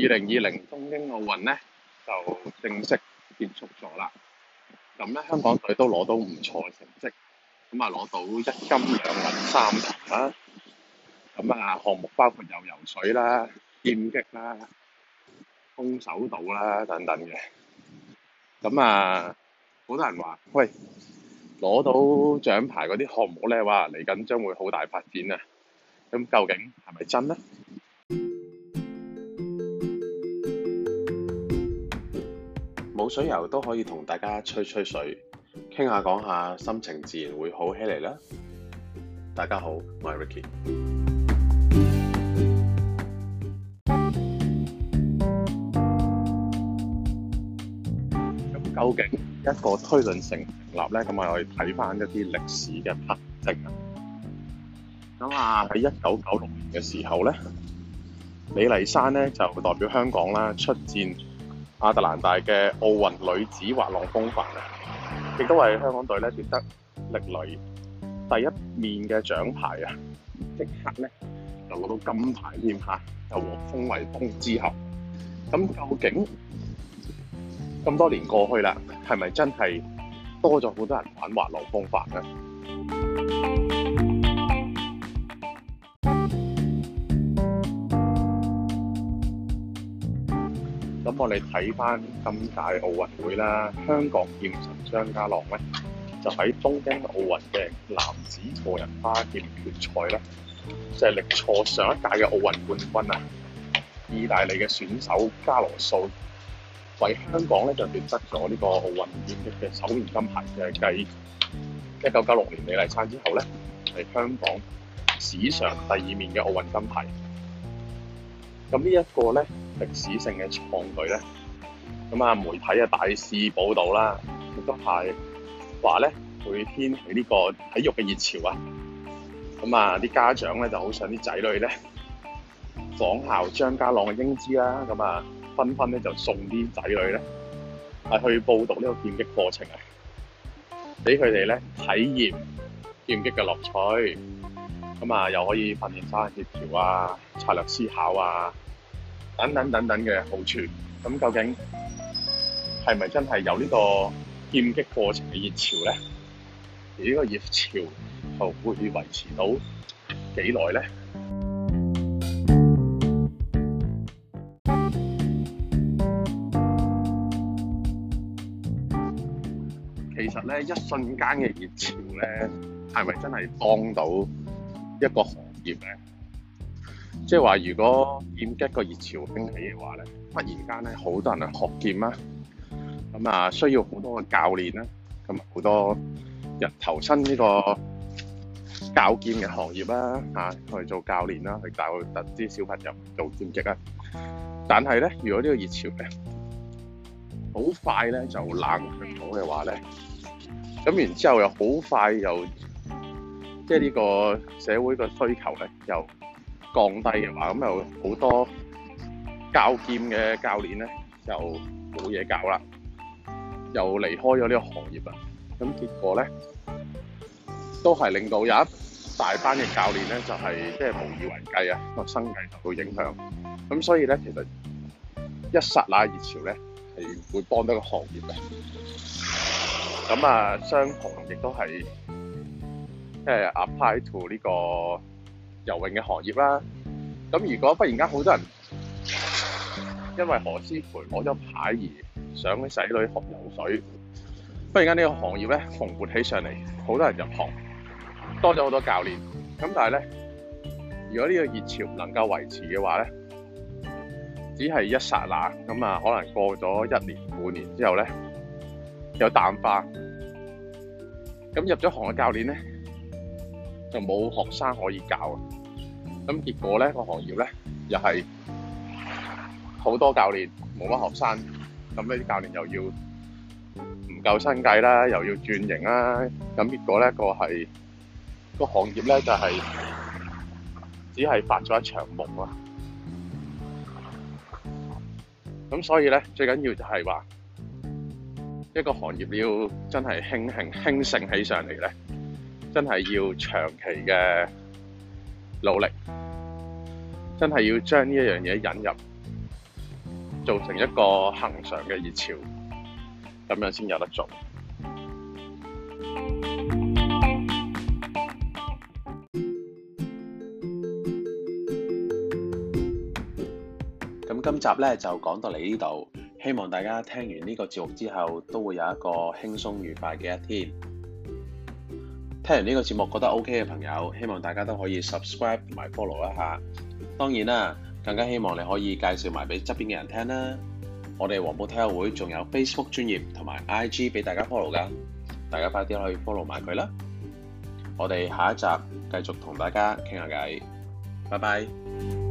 二零二零東京奧運咧就正式結束咗啦，咁咧香港隊都攞到唔錯嘅成績，咁啊攞到一金兩銀三銅啦，咁啊項目包括有游水啦、劍擊啦、空手道啦等等嘅，咁啊好多人話：喂，攞到獎牌嗰啲項目咧，話嚟緊將會好大發展啊！咁究竟係咪真咧？水油都可以同大家吹吹水，傾下講下，心情自然會好起嚟啦。大家好，我係 Ricky。究竟一個推論成立呢？咁我哋睇翻一啲歷史嘅憑證。咁啊，喺一九九六年嘅時候呢，李麗珊呢就代表香港啦出戰。亞特蘭大嘅奧運女子滑浪風帆啊，亦都係香港隊咧奪得歷來第一面嘅獎牌啊！即刻咧就攞到金牌添嚇，又獲封為風之后。之後，咁究竟咁多年過去啦，係咪真係多咗好多人玩滑浪風帆咧？我哋睇翻今屆奧運會啦，香港劍神張家朗咧，就喺東京奧運嘅男子個人花劍決賽咧，就係力挫上一屆嘅奧運冠軍啊！意大利嘅選手加羅素，為香港咧就奪得咗呢個奧運劍擊嘅首面金牌，嘅繼一九九六年李麗珊之後咧，係香港史上第二面嘅奧運金牌。咁呢一個咧。歷史性嘅創舉咧，咁啊媒體嘅大肆報導啦，亦都係話咧會掀起呢個體育嘅熱潮啊！咁啊啲家長咧就好想啲仔女咧仿效張家朗嘅英姿啦，咁啊紛紛咧就送啲仔女咧係去報讀呢個劍擊課程啊，俾佢哋咧體驗劍擊嘅樂趣，咁啊又可以訓練翻協調啊、策略思考啊。等等等等嘅好處，咁究竟係咪真係有呢個劍擊過程嘅熱潮呢？而呢個熱潮會維持到幾耐呢？其實呢，一瞬間嘅熱潮呢，係咪真係幫到一個行業呢？即係話，如果劍擊個熱潮興起嘅話咧，忽然間咧，好多人去學劍啦，咁啊，需要好多嘅教練啦，同埋好多人投身呢個教劍嘅行業啦，嚇，去做教練啦，去教特啲小朋友做劍擊啦。但係咧，如果呢個熱潮咧，好快咧就冷卻咗嘅話咧，咁然之後又好快又，即係呢個社會個需求咧又。降低嘅話，咁又好多教劍嘅教練咧，就冇嘢搞啦，又離開咗呢個行業啦。咁結果咧，都係令到有一大班嘅教練咧，就係即係無以為繼啊，個生計受到影響。咁所以咧，其實一剎那熱潮咧，係會幫到個行業嘅。咁啊，相同亦都係誒、即係、apply to 呢個。游泳嘅行業啦，咁如果忽然間好多人因為何詩蓓攞咗牌而想去仔女學游水，忽然間呢個行業咧蓬勃起上嚟，好多人入行，多咗好多教練。咁但係咧，如果呢個熱潮能夠維持嘅話咧，只係一剎那，咁啊可能過咗一年半年之後咧，有淡化。咁入咗行嘅教練咧，就冇學生可以教。咁結果咧，個行業咧又係好多教練冇乜學生，咁呢啲教練又要唔夠新計啦，又要轉型啦，咁結果咧、個係、個行業咧就係、係、只係發咗一場夢啊！咁所以咧，最緊要就係話一個行業要真係興興興盛起上嚟咧，真係要長期嘅。努力，真係要將呢樣嘢引入，做成一個恒常嘅熱潮，咁樣先有得做。咁今集呢，就講到嚟呢度，希望大家聽完呢個節目之後，都會有一個輕鬆愉快嘅一天。聽完呢個節目覺得 OK 嘅朋友，希望大家都可以 subscribe 同埋 follow 一下。當然啦，更加希望你可以介紹埋俾側邊嘅人聽啦。我哋黃埔體育會仲有 Facebook 專頁同埋 IG 俾大家 follow 噶，大家快啲去 follow 埋佢啦。我哋下一集繼續同大家傾下偈，拜拜。